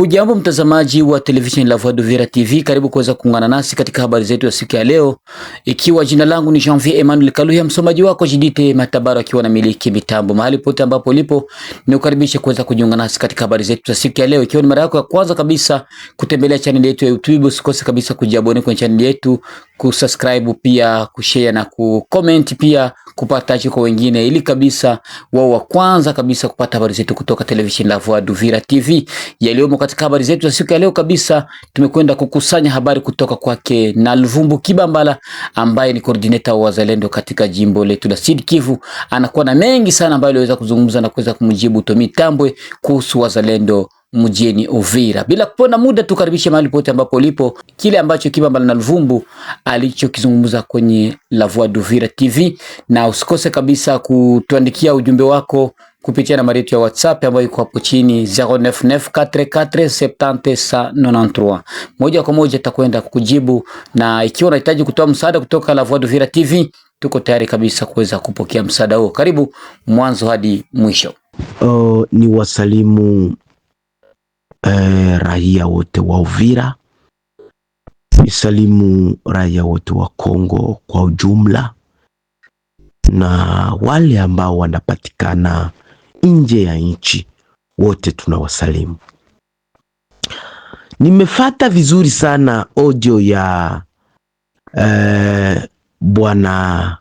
Hujambo mtazamaji wa televisheni La Voix d'Uvira TV, karibu kuweza kuungana nasi katika habari zetu ya siku ya leo, ikiwa jina langu ni Janvier Emmanuel Kaluya, msomaji wako Jidite Matabaro akiwa na miliki mitambo. Mahali pote ambapo ulipo, nikukaribisha kuweza kujiunga nasi katika habari zetu za siku ya leo. Ikiwa ni mara yako ya kwanza kabisa kutembelea chaneli yetu ya YouTube, usikose kabisa kujiabone kwenye chaneli yetu kusubscribe pia kushare na kucomment pia kupata kwa wengine, ili kabisa wao wa kwanza kabisa kupata habari zetu kutoka television la Voix d'Uvira TV. Yaliyomo katika habari zetu za siku ya leo kabisa, tumekwenda kukusanya habari kutoka kwake na Luvumbu Kibambala ambaye ni coordinator wa Wazalendo katika jimbo letu la Sud Kivu. Anakuwa na mengi sana ambayo aliweza kuzungumza na kuweza kumjibu Tomi Tambwe kuhusu Wazalendo mjini Uvira. Bila kupona muda, tukaribishe mahali pote ambapo ulipo, kile ambacho Kibamba na Luvumbu alichokizungumza kwenye La Voix d'Uvira TV, na usikose kabisa kutuandikia ujumbe wako kupitia nambari yetu ya WhatsApp ambayo iko hapo chini 0994479193. Moja kwa moja takwenda kukujibu, na ikiwa unahitaji kutoa msaada kutoka La Voix d'Uvira TV, tuko tayari kabisa kuweza kupokea msaada huo. Karibu mwanzo hadi mwisho. Oh, ni wasalimu eh, raia wote wa Uvira, nisalimu raia wote wa Kongo kwa ujumla na wale ambao wanapatikana nje ya nchi wote tunawasalimu. Nimefata vizuri sana audio ya eh, bwana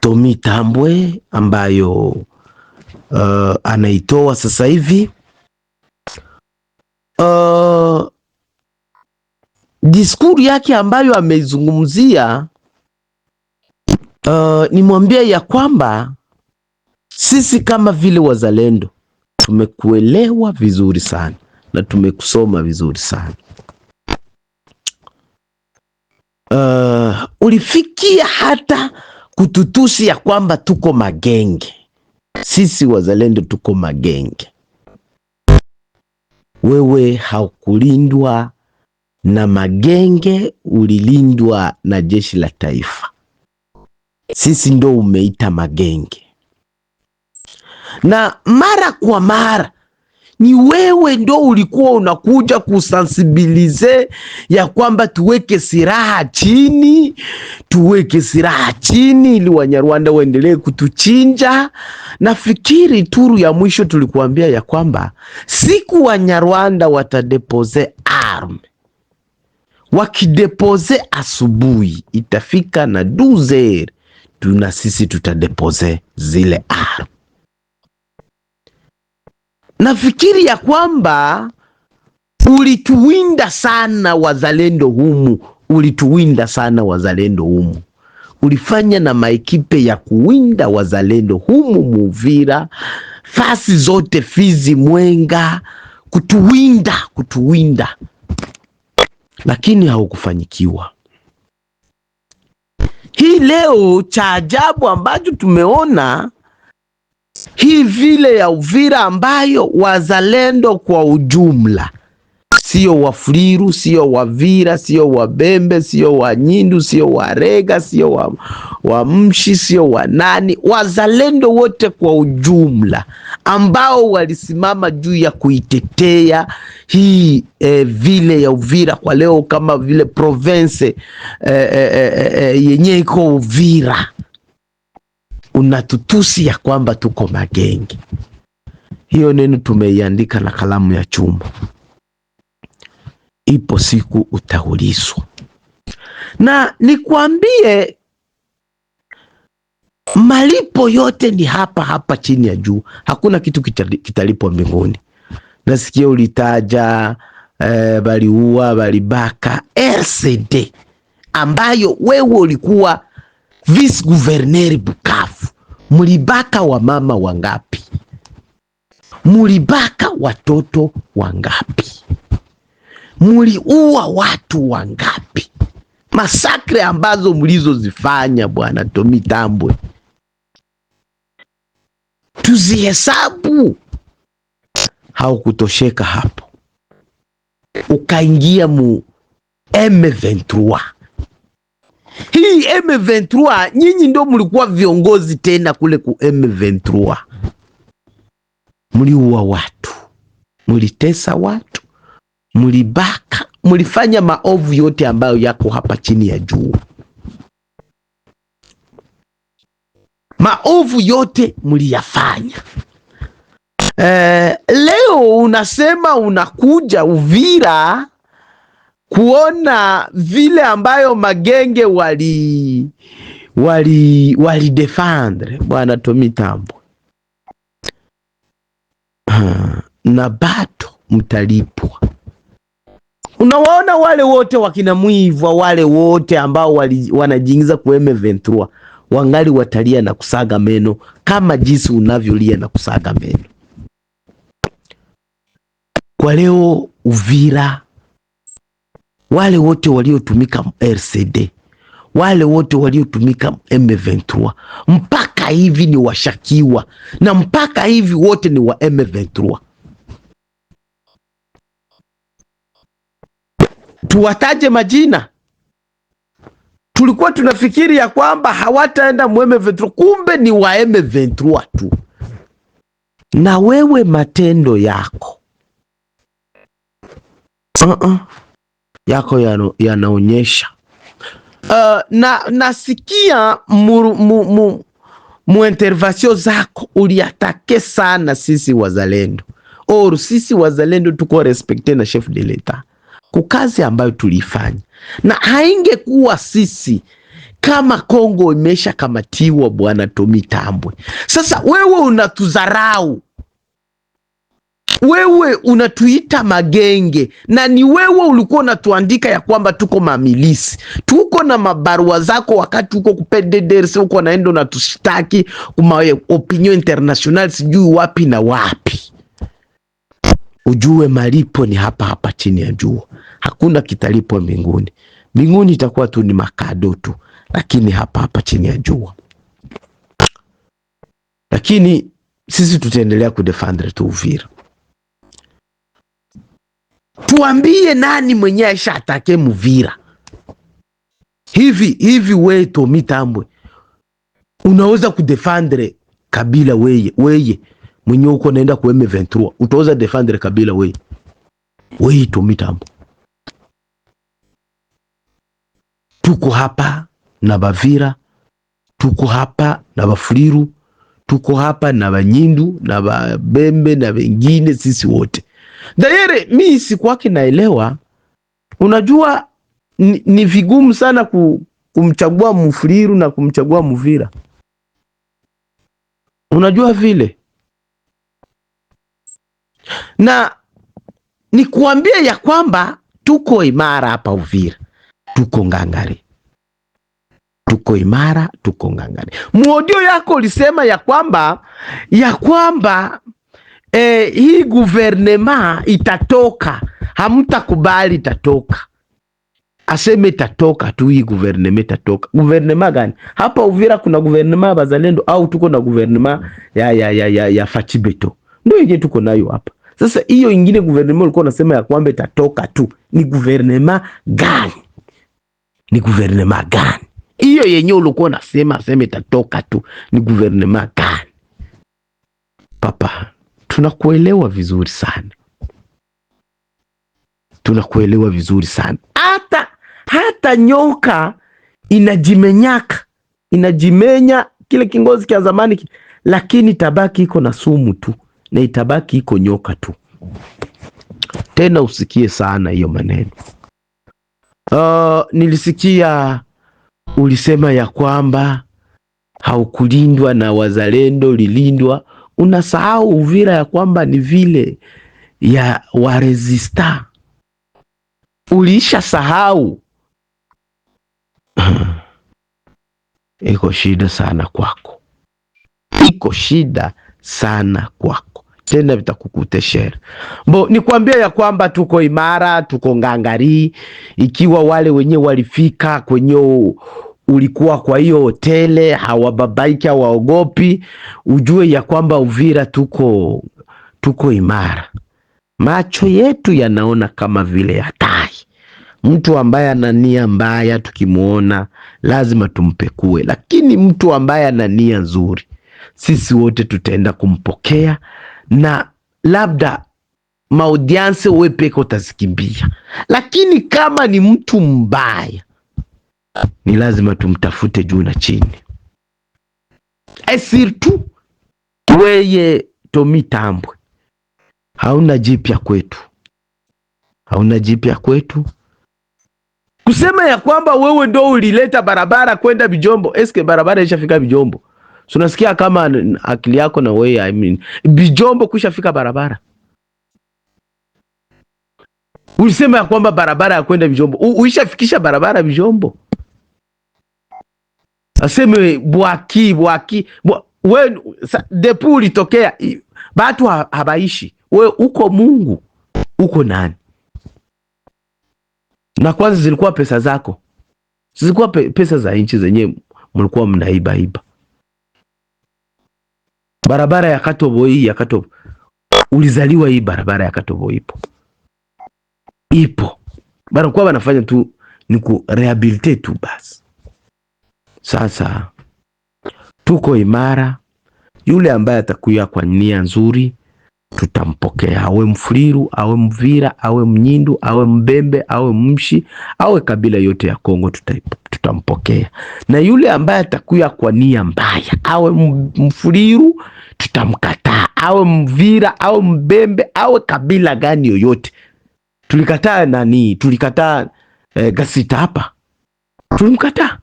Tomi Tambwe ambayo eh, anaitoa sasa hivi uh, eh, diskuri yake ambayo ameizungumzia uh, eh, nimwambie ya kwamba sisi kama vile wazalendo tumekuelewa vizuri sana na tumekusoma vizuri sana. Uh, ulifikia hata kututusi ya kwamba tuko magenge. Sisi wazalendo tuko magenge wewe haukulindwa na magenge, ulilindwa na jeshi la taifa. Sisi ndo umeita magenge, na mara kwa mara ni wewe ndo ulikuwa unakuja kusansibilize ya kwamba tuweke silaha chini, tuweke silaha chini ili Wanyarwanda waendelee kutuchinja. Nafikiri turu ya mwisho tulikuambia ya kwamba siku Wanyarwanda watadepose arm, wakidepose asubuhi itafika na duzer, tuna sisi tutadepose zile arm nafikiri ya kwamba ulituwinda sana wazalendo humu, ulituwinda sana wazalendo humu, ulifanya na maikipe ya kuwinda wazalendo humu Muvira, fasi zote, Fizi, Mwenga, kutuwinda, kutuwinda, lakini haukufanyikiwa. Hii leo cha ajabu ambacho tumeona hii vile ya Uvira ambayo wazalendo kwa ujumla, sio Wafuliru, sio Wavira, sio Wabembe, sio Wanyindu, sio Warega, sio Wamshi, wa sio wanani, wazalendo wote kwa ujumla ambao walisimama juu ya kuitetea hii eh, vile ya Uvira kwa leo, kama vile province eh, eh, eh, eh, eh yenye iko Uvira unatutusi ya kwamba tuko magenge. Hiyo neno tumeiandika na kalamu ya chuma. Ipo siku utaulizwa, na nikwambie malipo yote ni hapa hapa chini ya juu, hakuna kitu kitalipwa mbinguni. Nasikia ulitaja eh, baliua balibaka RCD ambayo wewe ulikuwa vice gouverneur Buka mulibaka mama wangapi? Mulibaka watoto wangapi? Muliua watu wangapi? Masakre ambazo mlizozifanya bwana tomi Tambwe, tuzihesabu. Haukutosheka hapo, ukaingia mu M23 hii M23, nyinyi ndio mlikuwa viongozi tena kule ku M23. Mliua watu, mlitesa watu, mlibaka, mlifanya maovu yote ambayo yako hapa chini ya juu maovu yote mliyafanya. Eh, leo unasema unakuja Uvira kuona vile ambayo magenge wali wali defendre bwana Tomy Tambwe na bato mtalipwa. Unawaona wale wote wakina Mwivwa, wale wote ambao wanajiingiza ku M23 wangali watalia na kusaga meno kama jinsi unavyolia na kusaga meno kwa leo Uvira wale wote waliotumika RCD, wale wote waliotumika M23 mpaka hivi ni washakiwa, na mpaka hivi wote ni wa M23. Tuwataje majina? Tulikuwa tunafikiri ya kwamba hawataenda mu M23, kumbe ni wa M23 tu. Na wewe matendo yako uh -uh yako yanaonyesha ya uh, na nasikia mu, mu, mu, intervention zako uliatake sana sisi wazalendo or sisi wazalendo tuko respekte na chef de ku kukazi ambayo tulifanya, na haingekuwa sisi kama Kongo imesha kamatiwa bwana Tomi Tambwe. Sasa wewe unatudharau wewe unatuita magenge na ni wewe ulikuwa unatuandika ya kwamba tuko mamilisi, tuko na mabarua zako, wakati uko kupedederse uko naenda unatushtaki kuma opinion international sijui wapi na wapi. Ujue malipo ni hapa hapa chini ya jua, hakuna kitalipo mbinguni. Mbinguni itakuwa tu ni makado tu, lakini hapa hapa chini ya jua. Lakini sisi tutaendelea kudefendre tu Uvira tuambie nani mwenye aisha atake Muvira hivi hivi. We Tomi Tambwe, unaweza kudefendre Kabila weye weye mwenye uko naenda ku M23, utaweza defendre Kabila weye weye? Tomi Tambwe, tuko hapa na Bavira, tuko hapa na Bafuliru, tuko hapa na Banyindu na Babembe na wengine, sisi wote Dayere mi sikuwake naelewa. Unajua ni, ni vigumu sana ku, kumchagua Mufuliru na kumchagua Muvira. Unajua vile na nikuambia ya kwamba tuko imara hapa Uvira, tuko ngangari, tuko imara, tuko ngangari. Muodio yako ulisema ya kwamba ya kwamba e, hii guvernema itatoka, hamtakubali itatoka. Aseme itatoka tu, hii guvernema itatoka. Guvernema gani? Hapa Uvira kuna guvernema Bazalendo au tuko na guvernema ya, ya, ya, ya, ya Fachibeto? Ndio yenye tuko nayo hapa. Sasa hiyo ingine guvernema ulikuwa unasema ya kwamba itatoka tu, ni guvernema gani? Ni guvernema gani hiyo yenye ulikuwa unasema aseme itatoka tu, ni guvernema gani papa? tunakuelewa vizuri sana, tunakuelewa vizuri sana. Hata hata nyoka inajimenyaka inajimenya kile kingozi cha zamani, lakini tabaki iko na sumu tu na itabaki iko nyoka tu. Tena usikie sana hiyo maneno. Uh, nilisikia ulisema ya kwamba haukulindwa na wazalendo, ulilindwa unasahau Uvira ya kwamba ni vile ya waresista, uliisha sahau iko shida sana kwako, iko shida sana kwako tena vitakukuteshera mbo. Nikwambia ya kwamba tuko imara, tuko ngangari. Ikiwa wale wenye walifika kwenye ulikuwa kwa hiyo hotele, hawababaiki, hawaogopi. Ujue ya kwamba Uvira tuko tuko imara, macho yetu yanaona kama vile hatari. Mtu ambaye ana nia mbaya tukimwona lazima tumpekue, lakini mtu ambaye ana nia nzuri, sisi wote tutaenda kumpokea, na labda maudianse peke utazikimbia, lakini kama ni mtu mbaya ni lazima tumtafute juu na chini. Esirtu eh, weye Tomi Tambwe, hauna jipya kwetu, hauna jipya kwetu. Kusema ya kwamba wewe ndo ulileta barabara kwenda Bijombo, eske barabara ishafika Bijombo? Sunasikia kama akili yako na wewe I mean, Bijombo kushafika barabara Ulisema ya kwamba barabara ya kwenda Bijombo, uishafikisha barabara Bijombo? aseme bwaki bwaki bwa, we depu ulitokea batu habaishi we, uko Mungu uko nani? Na kwanza zilikuwa pesa zako, zilikuwa pe, pesa za nchi zenye mlikuwa iba Barabara ya hii ya Katobo ulizaliwa hii barabara ya Katobo ipo ipo, banakuwa banafanya tu ni rehabilitate tu basi. Sasa tuko imara, yule ambaye atakuya kwa nia nzuri tutampokea, awe Mfuliru, awe Mvira, awe Mnyindu, awe Mbembe, awe Mshi, awe kabila yote ya Kongo tutampokea. Na yule ambaye atakuya kwa nia mbaya, awe Mfuliru tutamkataa, awe Mvira, awe Mbembe, awe kabila gani yoyote. Tulikataa nani? Tulikataa eh, Gasita hapa tulimkataa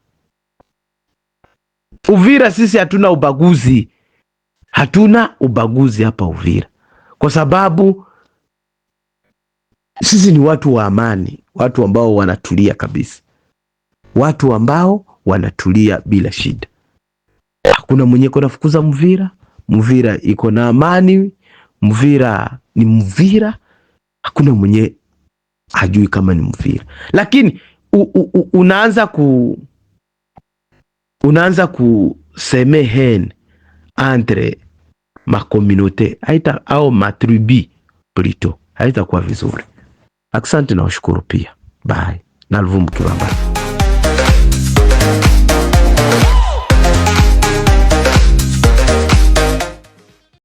Uvira sisi hatuna ubaguzi, hatuna ubaguzi hapa Uvira kwa sababu sisi ni watu wa amani, watu ambao wanatulia kabisa, watu ambao wanatulia bila shida. Hakuna mwenye kona fukuza Mvira. Mvira iko na amani, Mvira ni Mvira, hakuna mwenye hajui kama ni Mvira, lakini u, u, u, unaanza ku unaanza kusemehen entre makomunote haita au matribi plito, haitakuwa vizuri. Asante na washukuru pia. Bye na Luvumu